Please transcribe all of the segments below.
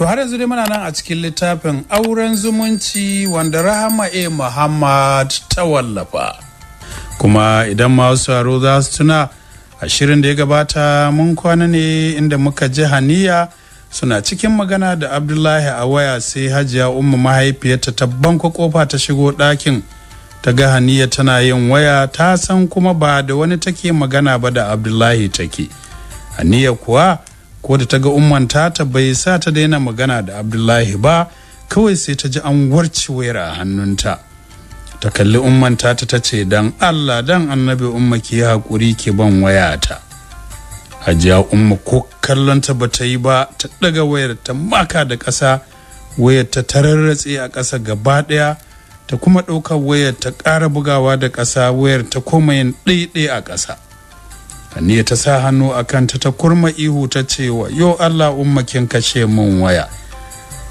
To har yanzu dai muna nan a cikin littafin auren zumunci wanda Rahama A. Muhammad ta wallafa. Kuma idan masu haro za su tuna a shirin da ya gabata mun kwana ne inda muka ji haniya suna cikin magana da Abdullahi a waya sai hajiya umma mahaifiyarta ta banko kofa ta shigo ɗakin ta ga haniya tana yin waya ta san kuma ba da wani take magana ba da Abdullahi take. Haniya kuwa ko da ta ga ummanta ta bai sa ta daina magana da abdullahi ba kawai sai ta ji an warce wayar a hannunta ta kalli ummanta ta ta ce dan allah dan annabi umma ke haƙuri ke ban wayata hajiya umma ko kallonta ba ta yi ba ta ɗaga wayar ta maka da ƙasa wayar ta tararratse a ƙasa gaba ɗaya ta kuma ɗaukar wayar ta ƙara bugawa da ƙasa wayar ta koma ɗaiɗai a ƙasa Haniya ta sa hannu a kanta ta kurma ihu ta ce wa yo Allah umma kin kashe min waya.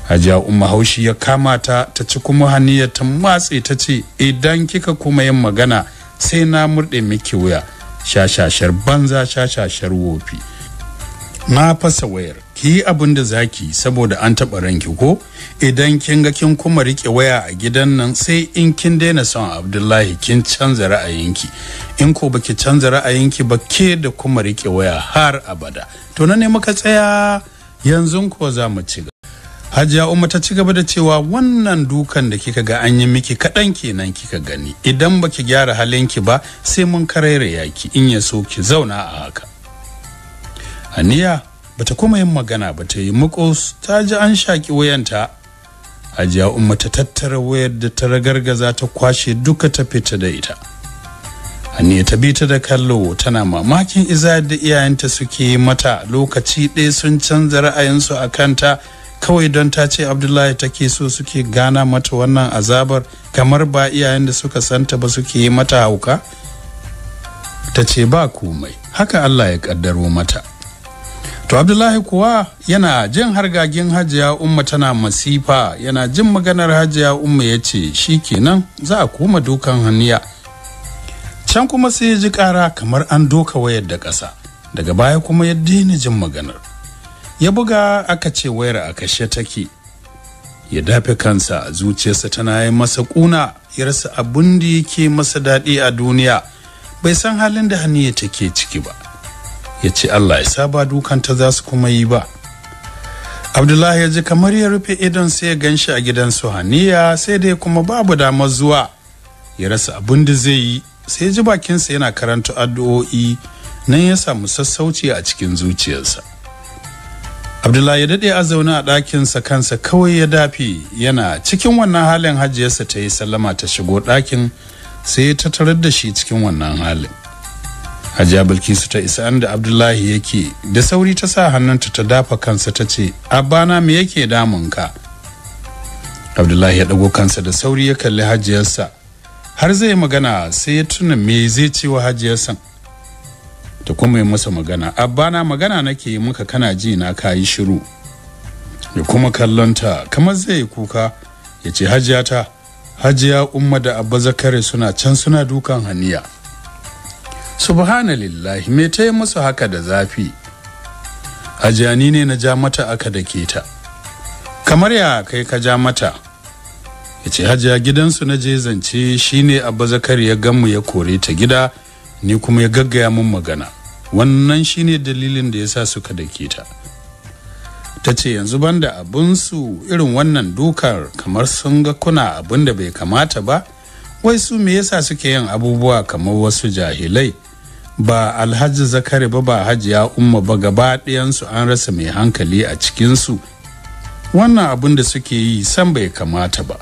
Hajiya umma haushi ya kama ta ta ci kuma Haniya ta matse ta ce idan kika kuma yin magana sai na murɗe miki wuya shashashar banza shashashar wofi. Na fasa wayar ki yi abin da za ki saboda an taɓa ranki ko idan kin ga kin kuma rike waya a gidan nan sai in kin daina son abdullahi kin canza ra'ayinki in ko baki canza ra'ayinki ba ke da kuma rike waya har abada to na ne muka tsaya yanzu ko za mu ci Hajiya Umma ta ci gaba da cewa wannan dukan da kika ga an yi miki kaɗan kenan kika gani idan baki gyara halinki ba sai mun karere yaki in ya so ki zauna a haka. Aniya bata kuma yin magana ba ta yi mukos ta ji an shaki wayanta hajiya umma ta tattara wayar da ta ragargaza ta kwashe duka ta fita da ita aniya ta bi ta da kallo tana mamakin iza da iyayenta suke mata lokaci ɗaya sun canza ra'ayinsu a kanta kawai don ta ce abdullahi take so suke gana mata wannan azabar kamar ba iyayen da suka santa ba suke yi mata hauka ta ce ba komai haka allah ya kaddaro mata to abdullahi kuwa yana jin hargagin hajiya umma tana masifa yana jin maganar hajiya umma ya ce shi kenan za a koma dukan hanniya can kuma sai ya ji kara kamar an doka wayar da ƙasa daga baya kuma ya daina jin maganar ya buga aka ce wayar a kashe take ya dafe kansa a zuciyarsa tana yi masa ƙuna ya rasa abin da yake masa daɗi a duniya bai san halin da haniya take ciki ba ya ce allah ya saba dukanta za su kuma yi ba abdullahi ya ji kamar ya rufe idon sai ya gan shi a gidan su haniya sai dai kuma babu damar zuwa ya rasa abin da zai yi sai ya ji bakinsa yana karanta addu'o'i nan ya samu sassauci a cikin zuciyarsa abdullahi ya daɗe a zaune a ɗakinsa kansa kawai ya dafi yana cikin wannan halin hajiyarsa ta yi sallama ta shigo ɗakin sai ta tarar da shi cikin wannan halin hajiya bilkisu ta isa inda abdullahi yake da sauri ta sa hannunta ta dafa kansa ta ce abana me yake ka abdullahi ya ɗago kansa da sauri ya kalli hajiyarsa har zai magana sai ya tuna me zai ce wa hajiyarsa ta kuma ya masa magana abana magana nake yi muka kana ji na kayi shiru ya kuma kallonta kamar zai yi kuka ya ce hajiyata hajiya umma da abba zakare suna can suna dukan haniya subhanallah me ta yi musu haka da zafi Ajani ne na ja mata aka da ke ta kamar ya kai ka ja mata ya ce hajiya gidansu na je zance shine abba zakari ya gamu ya kore ta gida ni kuma ya gaggaya mun magana wannan shine dalilin da ya sa suka da ke ta ta ce yanzu banda abinsu irin wannan dukar kamar sun ga kuna abin da bai kamata ba wai su me yasa suke yin abubuwa kamar wasu jahilai ba alhaji zakari ba ba hajiya umma ba gaba ɗayansu an rasa mai hankali a cikinsu wannan abun da suke yi san bai kamata ba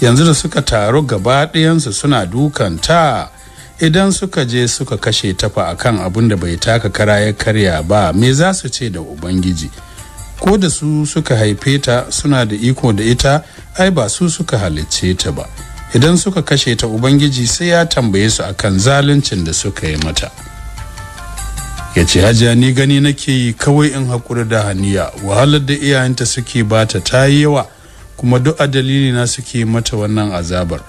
yanzu da suka taru gaba ɗayansu suna dukan ta idan suka je suka kashe tafa akan abun da bai taka kara ya karya ba me za su ce da ubangiji ko da su suka haife ta suna da iko da ita ai ba su suka halicce ta ba idan suka kashe ta ubangiji sai ya tambaye su akan zaluncin da suka yi mata. ya ce hajiya ni gani nake yi kawai in haƙuri da haniya wahalar da iyayenta suke bata ta yi yawa kuma duk a dalili na suke mata wannan azabar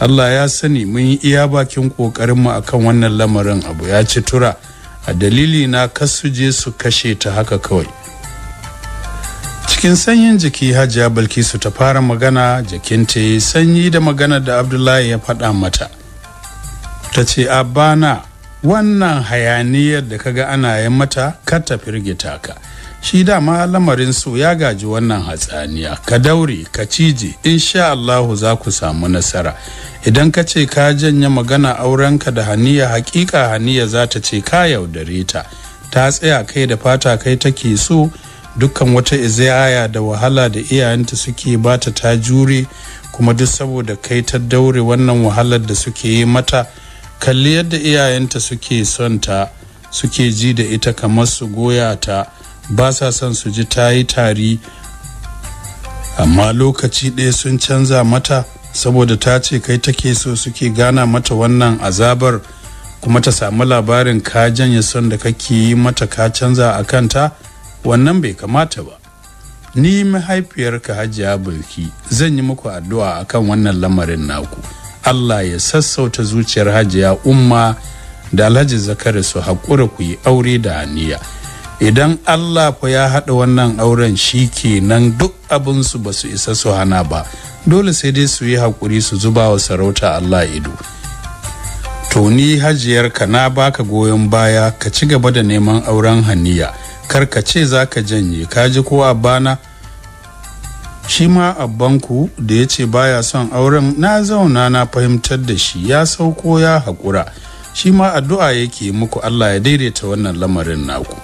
Allah ya sani mun yi iya bakin kokarin mu akan wannan lamarin abu ya ci tura a dalili na kasu je su kashe ta haka kawai cikin sanyin jiki hajiya bilkisu ta fara magana jikinta sanyi da magana da abdullahi ya faɗa mata ta ce bana. wannan hayaniyar da kaga ana yin mata kar ta firgita ka shi dama lamarin su ya gaji wannan hatsaniya ka daure ka cije insha Allahu za ku samu nasara idan ka ce ka janye magana aurenka da haniya hakika haniya za ta ce ka yaudare ta ta tsaya kai da fata kai take so dukkan wata izaya da wahala da iyayenta suke ba ta ta jure kuma duk saboda kai ta daure wannan wahalar da suke yi mata kalli yadda iyayenta suke son ta suke ji da ita kamar su goya ta ba sa son su ji ta yi tari amma lokaci ɗaya sun canza mata saboda ta ce kai take so suke gana mata wannan azabar kuma ta samu labarin ka janye son da kake yi mata ka canza a kanta wannan bai kamata ba ni mahaifiyarka hajiya bulki zan yi muku addu'a akan wannan lamarin naku Allah ya sassauta zuciyar hajiya umma da alhaji zakari su haƙura ku yi aure da aniya idan Allah ku ya haɗa wannan auren shi kenan duk abinsu ba su isa su hana ba dole sai dai su yi haƙuri su zuba wa sarauta Allah ido to ni hajiyar ka na baka goyon baya ka ci gaba da neman auren haniya kar ka ce za ka janye ka ji kowa bana shi ma abbanku da ya ce baya son auren na zauna na fahimtar da shi ya sauko ya haƙura shi ma addu'a yake muku allah ya daidaita wannan lamarin naku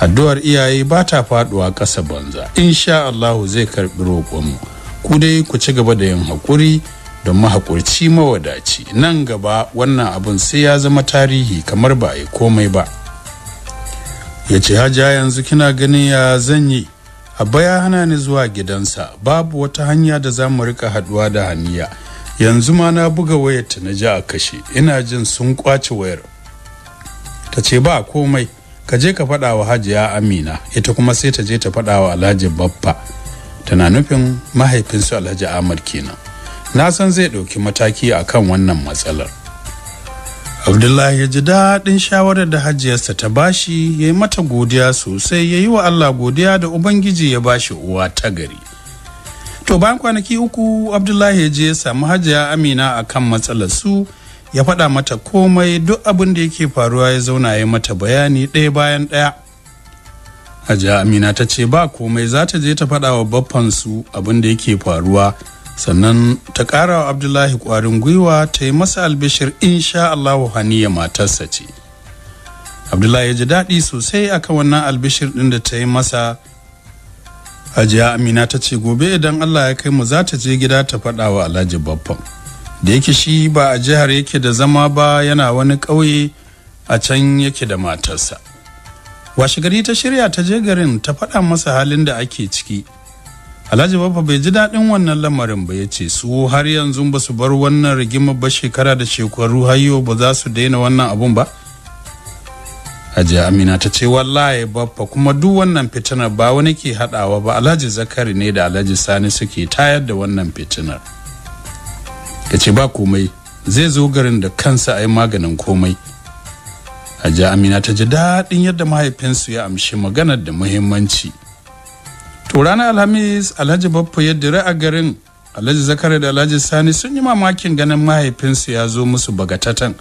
addu'ar iyaye ba ta faɗuwa ƙasa banza insha allahu zai karɓi roƙonmu ku dai ku ci gaba da yin haƙuri don mahaƙurci mawadaci nan gaba wannan abun sai ya zama tarihi kamar ba a komai ba ya ce hajiya yanzu kina ganin ya zan yi abba ya hana ni zuwa gidansa babu wata hanya da za mu rika haduwa da haniya yanzu ma na buga wayarta na ji a kashe ina jin sun kwace wayar ta ce ba komai ka je ka faɗawa wa hajiya amina ita kuma sai ta je ta faɗawa wa alhaji baffa tana nufin mahaifinsu alhaji ahmad kenan na san zai ɗauki mataki akan wannan matsalar abdullahi ya ji daɗin shawarar da hajiyarsa ta bashi ya yi mata godiya sosai ya yi wa allah godiya da ubangiji ya bashi uwa ta gari to bayan kwanaki uku abdullahi ya je ya samu hajiya amina a kan matsalar su ya faɗa mata komai duk abin da yake faruwa ya zauna ya mata bayani ɗaya bayan ɗaya hajiya amina ta ce ba komai za ta je ta faɗa wa baffansu abin da yake faruwa sannan ta ƙara wa abdullahi kwarin gwiwa ta yi masa albishir insha allahu haniya matarsa ce abdullahi ya ji daɗi sosai akan wannan albishir ɗin da ta yi masa hajiya amina ta ce gobe idan allah ya kai mu za ta je gida ta faɗa wa alhaji Babban. da yake shi ba a jihar yake da zama ba yana wani ƙauye a can yake da matarsa washe gari ta shirya ta je garin ta faɗa masa halin da ake ciki Alhaji Baffa bai ji daɗin wannan lamarin ba ya ce su har yanzu ba su bar wannan rigimar ba shekara da shekaru hayo ba za su daina wannan abun ba? Hajiya Amina ta ce wallahi Baffa kuma duk wannan fitinar ba wani ke haɗawa ba Alhaji Zakari ne da Alhaji Sani suke tayar da wannan fitinar. Ya ce ba komai zai zo garin da kansa a yi maganin komai. Hajiya Amina ta ji daɗin yadda mahaifinsu ya amshi maganar da muhimmanci. to ranar alhamis alhaji baffa ya dire a garin alhaji zakari da alhaji sani sun yi mamakin ganin mahaifinsu ya zo musu bagatatan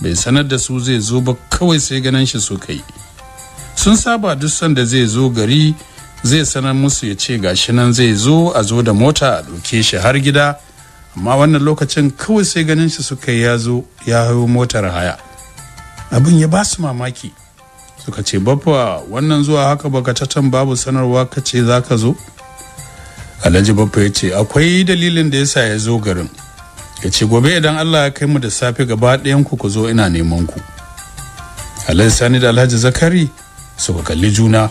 bai sanar da su zai zo ba kawai sai ganin shi su kai sun saba duk sanda zai zo gari zai sanar musu ya ce gashi nan zai zo a zo da mota a ɗauke shi har gida amma wannan lokacin kawai sai ganin shi suka ya zo ya hau motar haya abin ya ba su mamaki suka ce baffa wannan zuwa haka baka tatan babu sanarwa ka ce za ka zo alhaji baffa ya ce akwai dalilin da yasa ya zo garin ya ce gobe idan allah ya kai mu da safe gaba ɗayanku ku zo ina neman ku alhaji sani da alhaji zakari suka kalli juna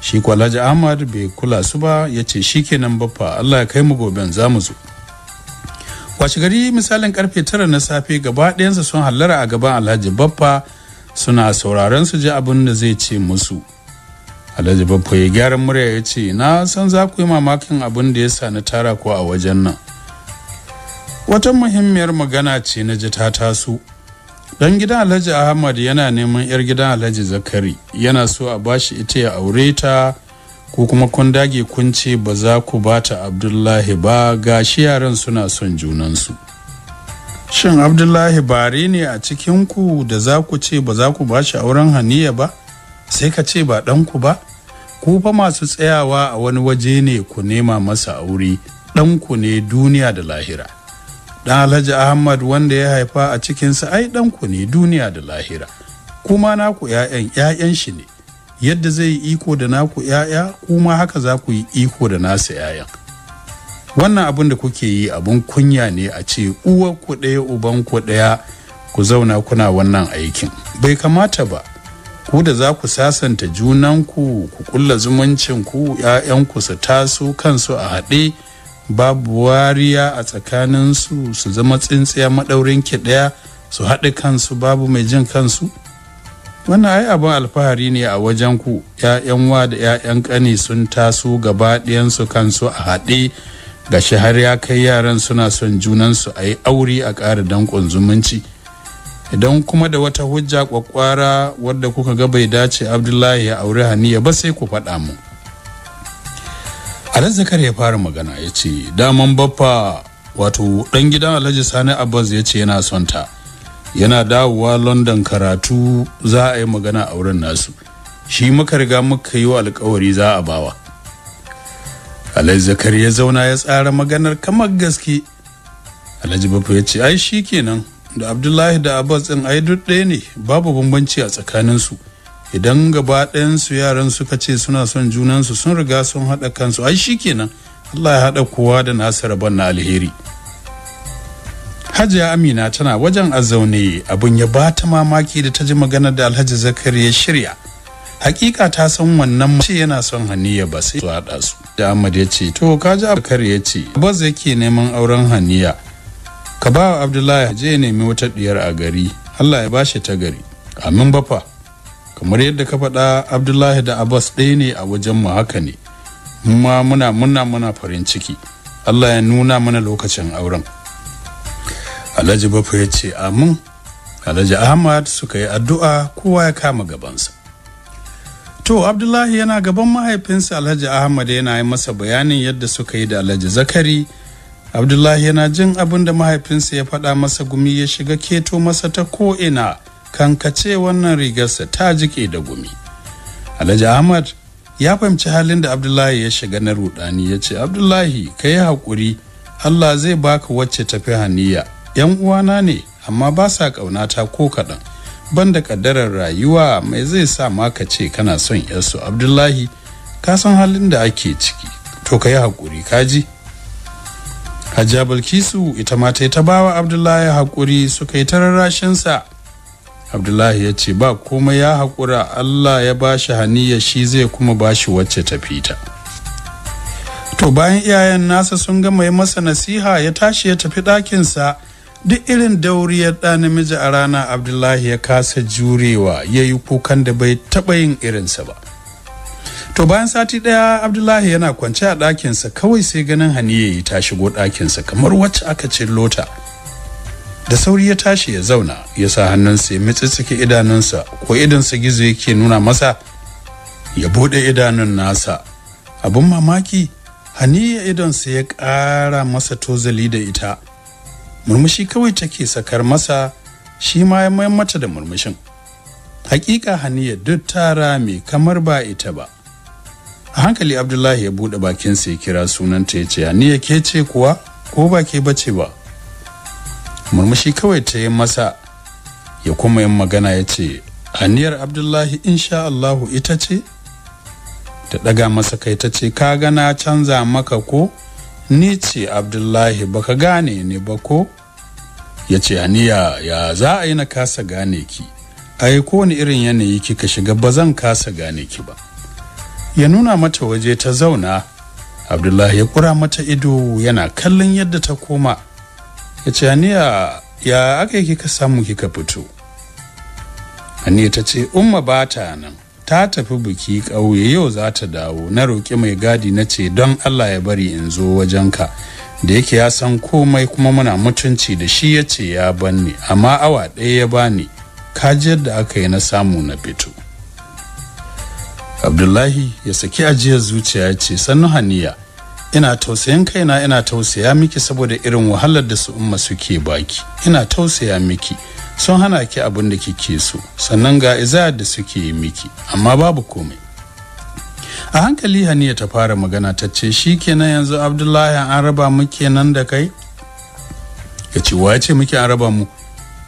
shi ko alhaji ahmad bai kula su ba ya ce shi kenan baffa allah ya kai mu gobe za mu zo wace gari misalin karfe tara na safe gaba ɗayansa sun hallara a gaban alhaji baffa suna sauraron su ji abin da zai ce musu alhaji babba ya gyara murya ya ce na san za ku yi mamakin abin da ya sa na tara ku a wajen nan wata muhimmiyar magana ce na ji ta taso dan gidan alhaji ahmad yana neman yar gidan alhaji zakari yana so a bashi ita ya aure ta ko kuma kun dage kun ce ba za ku bata abdullahi ba gashi yaran suna son junansu shin abdullahi bari ne a cikinku da za ku ce ba za ku bashi auren haniya ba sai ka ce ba ɗanku ba ku fa masu tsayawa a wani waje ne ku nema masa aure ɗanku ne duniya da lahira ɗan alhaji ahmad wanda ya haifa a cikinsa ai ɗanku ne duniya da lahira kuma naku 'ya'yan 'ya'yan shi ne yadda zai yi iko da naku 'ya'ya kuma haka za ku yi iko da nasa 'ya'yan wannan abin da kuke yi abin kunya ne a ce uwar ku ɗaya uban ku ɗaya ku zauna kuna wannan aikin bai kamata ba ku da za ku sasanta junanku ku kulla zumuncin ku ku su taso kansu a haɗe babu wariya a tsakaninsu su zama tsintsiya maɗaurin ki ɗaya su haɗe kansu babu mai jin kansu wannan ai abin alfahari ne a wajen ku 'ya'yan wa da 'ya'yan ƙani sun taso gaba ɗayansu kansu a haɗe gashi har ya kai yaran suna son junansu a yi aure a ƙara dankon zumunci idan kuma da wata hujja kwakwara wadda kuka ga bai dace abdullahi ya aure haniya ba sai ku faɗa mu alazzakar ya fara magana ya ce daman baffa wato ɗan gidan alhaji sani abbas ya ce yana son ta yana dawowa london karatu za a yi magana a wurin nasu shi muka riga muka yi wa alkawari za a bawa alhaji zakari ya zauna ya tsara maganar kamar gaske alhaji bafu ya ce ai shi kenan da abdullahi da abbas din ai duk ɗaya ne babu bambanci a tsakanin su. idan gaba ɗayansu yaran suka ce suna son junansu sun riga sun haɗa kansu ai shi kenan allah ya haɗa kowa da nasu rabon na alheri hajiya amina tana wajen a zaune abin ya bata mamaki da ta ji maganar da alhaji zakari ya shirya hakika ta san wannan ce yana son haniya ba sai zuwa haɗa su da ahmad ya ce to ji abkar ya ce zai ke neman auren haniya ka ba wa abdullahi je ya nemi wata diyar a gari allah ya bashi ta gari amin bafa kamar yadda ka faɗa abdullahi da abbas ɗaya ne a wajen mu haka ne ma muna muna muna farin ciki allah ya nuna mana lokacin auren alhaji bafa ya ce amin alhaji ahmad suka yi addu'a kowa ya kama gabansa To Abdullahi yana gaban mahaifinsa Alhaji Ahmad yana yi masa bayanin yadda suka yi da Alhaji Zakari. Abdullahi yana jin abin da mahaifinsa ya faɗa masa gumi ya shiga keto masa ta ko'ina kankace wannan rigarsa ta jike da gumi. Alhaji Ahmad ya fahimci halin da Abdullahi ya shiga na rudani ya ce Abdullahi ka yi haƙuri Allah zai baka wacce tafi haniya. ‘Yan uwana ne amma ba sa ƙaunata ko kaɗan. banda kaddarar rayuwa mai zai sa ma ka ce kana son yarsu abdullahi ka san halin da ake ciki to ka yi haƙuri kaji hajiya balkisu ita ma ta bawa abdullahi haƙuri suka yi ta rarrashinsa abdullahi ya ce ba komai ya haƙura allah ya ba shi haniya shi zai kuma ba shi wacce ta fita to bayan iyayen nasa sun gama yi masa nasiha ya tashi ya tafi ɗakinsa duk irin dauriyar ɗa namiji a rana abdullahi ya kasa jurewa ya yi kukan da bai taɓa yin irinsa ba to bayan sati ɗaya abdullahi yana kwance a ɗakinsa kawai sai ganin haniye ta shigo ɗakinsa kamar wacce aka ce lota da sauri ya tashi ya zauna ya sa hannunsa ya mitsitsike idanunsa ko idansa gizo yake nuna masa ya buɗe idanun nasa abin mamaki haniya idonsa ya ƙara masa tozali da ita murmushi kawai take sakar masa shi ma ya mayan mata da murmushin hakika haniya duk tara mai kamar ba ita ba a hankali abdullahi ya bude bakin sa ya kira sunanta ya ce haniya ke ce kuwa ko ba ke bace ba murmushi kawai ta yi masa ya kuma yin magana ya ce haniyar abdullahi insha allahu ita ce ta daga masa kai ta ce ka gana canza maka ko ni ce abdullahi baka gane ne ba ko ya ce haniya ya za a yi na kasa gane ki ai kowane irin yanayi kika shiga ba zan kasa gane ki ba ya nuna mata waje ta zauna abdullahi ya kura mata ido yana kallon yadda ta koma ya ce haniya ya aka yi kika samu kika fito aniya ta ce umma ba ta nan ta tafi biki ƙauye yau za ta dawo na roƙi mai gadi na ce don allah ya bari in zo wajenka da yake ya san komai kuma muna mutunci da shi ya ce ya banne amma awa ɗaya ya bani kajiyar da aka yi na samu na fito abdullahi ya saki ajiyar zuciya ce sannu haniya ina tausayin kaina ina tausaya miki saboda irin wahalar da su umma suke baki ina tausaya miki sun hana ki abin da kike so sannan ga izayar da suke yi miki amma babu komai a hankali haniya ta fara magana ta ce shi kenan yanzu abdullahi an raba mu kenan da kai ya ce muke an raba mu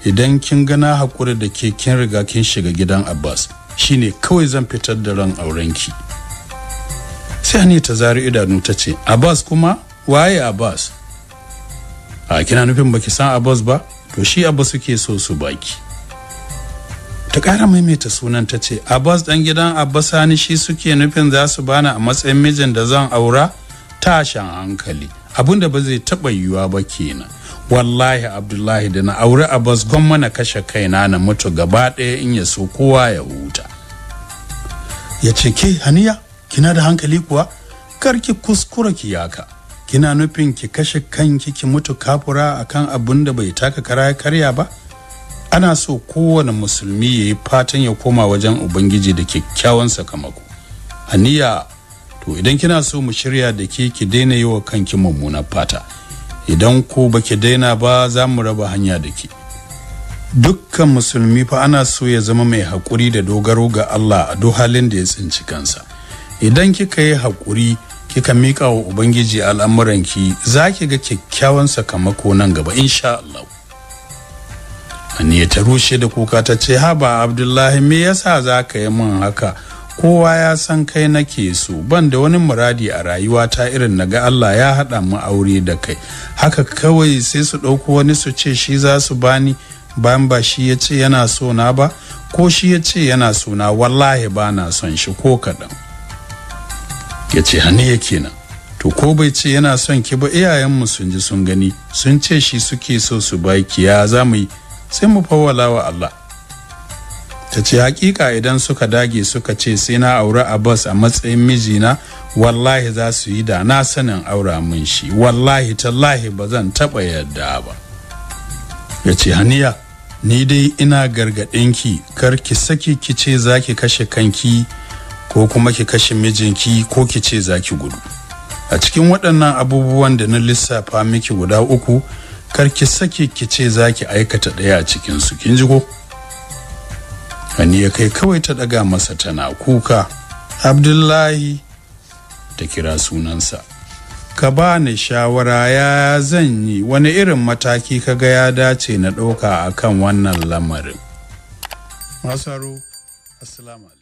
idan kin gana hakuri da ke kin riga kin shiga gidan abbas shine kawai zan fitar da ran aurenki shani ta zaro idanu ta ce abbas kuma waye abbas a kina nufin baki san abbas ba to shi abbas suke so su baki ta ƙara maimaita sunan ta ce abbas ɗan gidan abbas sani shi suke nufin za su bani a matsayin mijin da zan aura tashin hankali abin da ba zai taɓa yiwuwa ba kenan wallahi abdullahi da na aure abbas gwamma na kashe kaina na mutu gaba ɗaya in ya so kowa ya huta ya ce ke haniya kina da hankali kuwa kar ki kuskura ki yaka kina nufin ki kashe kanki ki mutu kafura akan abin da bai taka kara karya ba ana so kowane musulmi ya yi fatan ya koma wajen ubangiji da kyakkyawan sakamako aniya to idan kina so mu shirya da ke ki daina yi wa kanki mummuna fata idan ko ba ki daina ba za mu raba hanya da ke dukkan musulmi fa ana so ya zama mai haƙuri da dogaro ga Allah a duk halin da ya tsinci kansa idan kika yi hakuri kika miƙa wa ubangiji al'amuranki za ki ga kyakkyawan sakamako nan gaba insha Allah Aniya ta rushe da kuka ta ce haba Abdullahi me yasa za ka yi min haka kowa ya san kai nake so ban da wani muradi a rayuwata irin na ga Allah ya haɗa mu aure da kai haka kawai sai su ɗauko wani su ce shi za su bani bayan ba shi ya ce yana so na ba ko shi ya ce yana so na wallahi ba na son shi ko kaɗan ya ce haniya kenan to ko bai ce yana son ki ba iyayenmu sun ji sun gani sun ce shi suke so su baki ya za mu yi sai mu fawwala wa Allah ta ce hakika idan suka dage suka ce sai na aure abbas a matsayin mijina wallahi za su yi da na sanin aura mun shi wallahi tallahi ba zan taɓa yadda ba ya ce haniya ni dai ina gargaɗinki kar ki saki ki ce za ki kashe kanki ko kuma ki kashe mijinki ko ki ce za ki gudu a cikin waɗannan abubuwan da na lissafa miki guda uku kar ki sake ki ce za ki aikata ɗaya a su kin ji ko ya kai kawai ta ɗaga masa tana kuka abdullahi ta kira sunansa ka ba ni shawara ya zan yi wani irin mataki ka ga ya dace na ɗauka akan wannan lamarin masaro assalamu